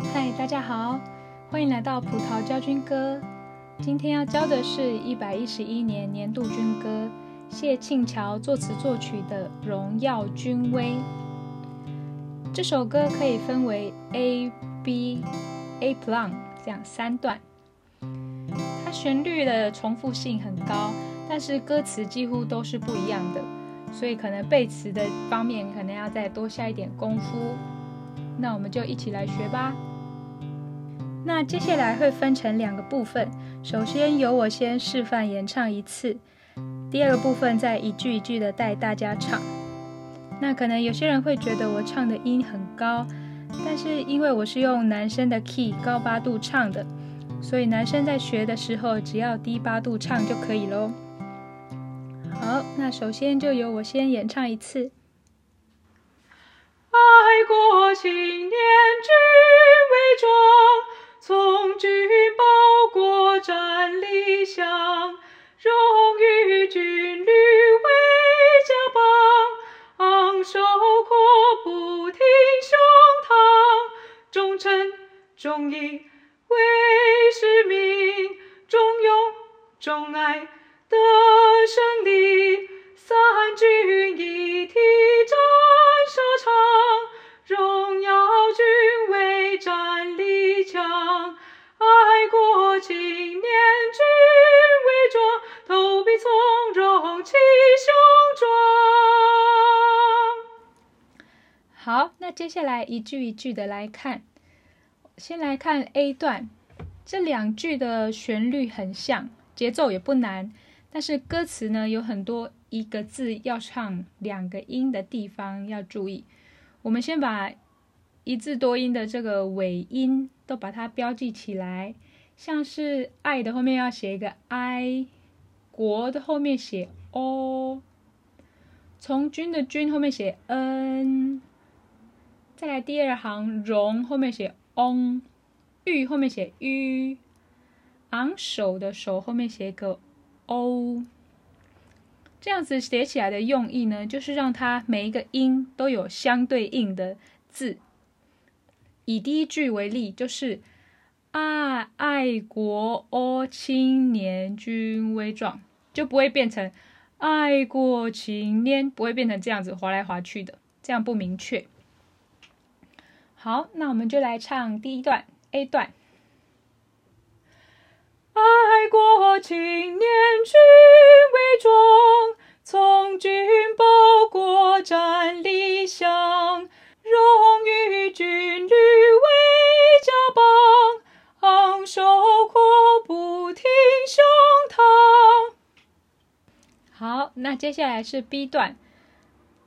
嗨，Hi, 大家好，歡迎來到葡萄教軍歌。今天要教的是一百一十一年年度軍歌，謝慶橋作詞作曲的《榮耀軍威》。這首歌可以分為 A B A plan、um, 這樣三段，它旋律的重複性很高。但是歌詞幾乎都是不一樣的，所以可能背詞的方面你可能要再多下一點功夫。那我們就一起來學吧。那接下來會分成兩個部分，首先由我先示範演唱一次，第二個部分再一句一句的帶大家唱。那可能有些人會覺得我唱的音很高，但是因為我是用男生的 key 高八度唱的，所以男生在學的時候只要低八度唱就可以嘍。那首先就由我先演唱一次。愛國青年軍威壯，從軍報國展理想，榮譽軍旅衛家邦，昂首闊步挺胸膛，忠誠忠義為使命，忠勇忠愛。那接下來一句一句的來看，先來看 A 段，這兩句的旋律很像，節奏也不難，但是歌詞呢，有很多一個字要唱兩個音的地方要注意。我們先把一字多音的這個尾音都把它標記起來，像是“愛”的後面要寫一個 “i”，“ 國”的後面寫 “o”，“ 從軍”的“軍”後面寫 “n”。再來第二行，榮後面寫 ong、哦、玉後面寫 yu，昂首的首後面寫一個 o、哦。這樣子寫起來的用意呢，就是讓它每一個音都有相對應的字。以第一句為例，就是愛、啊、愛國哦，青年軍威壯，就不會變成愛國青年，不會變成這樣子滑來滑去的，這樣不明確。好，那我們就來唱第一段 A 段。愛國青年軍威壯，從軍報國展理想，榮譽軍旅衛家邦，昂首闊步挺胸膛。好，那接下來是 B 段。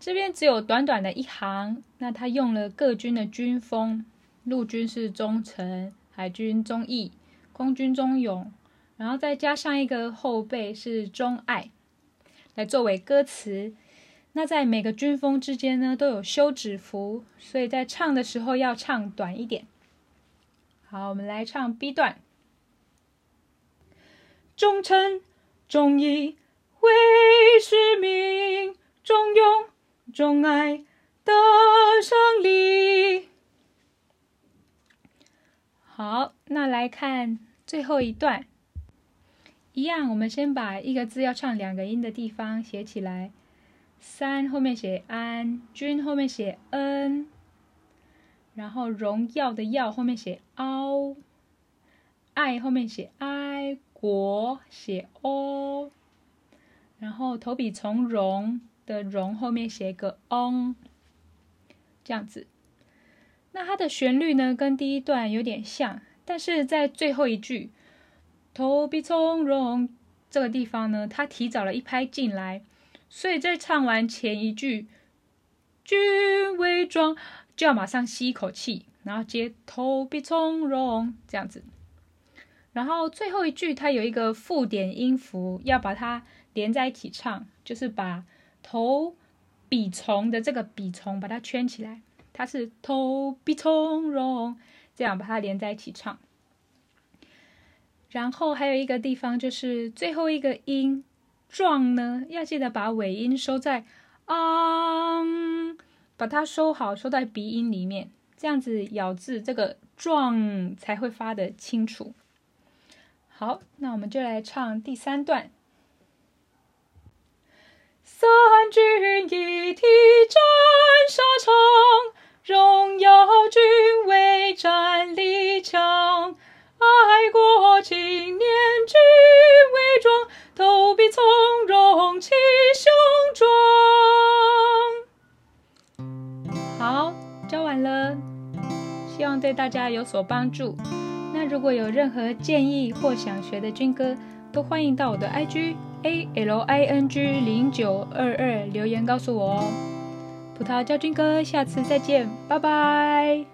這邊只有短短的一行，那他用了各軍的軍風，陸軍是忠誠，海軍忠義，空軍忠勇，然後再加上一個後備是忠愛，來作為歌詞。那在每個軍風之間呢，都有休止符，所以在唱的時候要唱短一點。好，我們來唱 B 段，忠誠忠義為使。忠愛得勝利。好，那來看最後一段，一樣，我們先把一個字要唱兩個音的地方寫起來。三後面寫 an，軍後面寫 n，然後榮耀的耀後面寫 ao，愛後面寫 ai，國寫 o，然後投筆從戎。的榮後面寫一個 on，這樣子。那它的旋律呢，跟第一段有點像，但是在最後一句“投筆從戎”這個地方呢，它提早了一拍進來，所以在唱完前一句“軍威壯”就要馬上吸一口氣，然後接“投筆從戎”這樣子。然後最後一句它有一個附點音符，要把它連在一起唱，就是把。投筆從的這個筆從，把它圈起來，它是投筆從戎，這樣把它連在一起唱。然後還有一個地方就是最後一個音壯呢，要記得把尾音收在昂、嗯，把它收好，收在鼻音裡面，這樣子咬字這個壯才會發得清楚。好，那我們就來唱第三段。三軍一體戰沙場，榮耀軍威戰力強，愛國青年軍威壯，投筆從戎氣雄壯。好，教完了，希望對大家有所幫助。那如果有任何建議或想學的軍歌，都歡迎到我的 IG。A L I N G 零九二二，留言告訴我哦，葡萄教軍歌，下次再見，拜拜。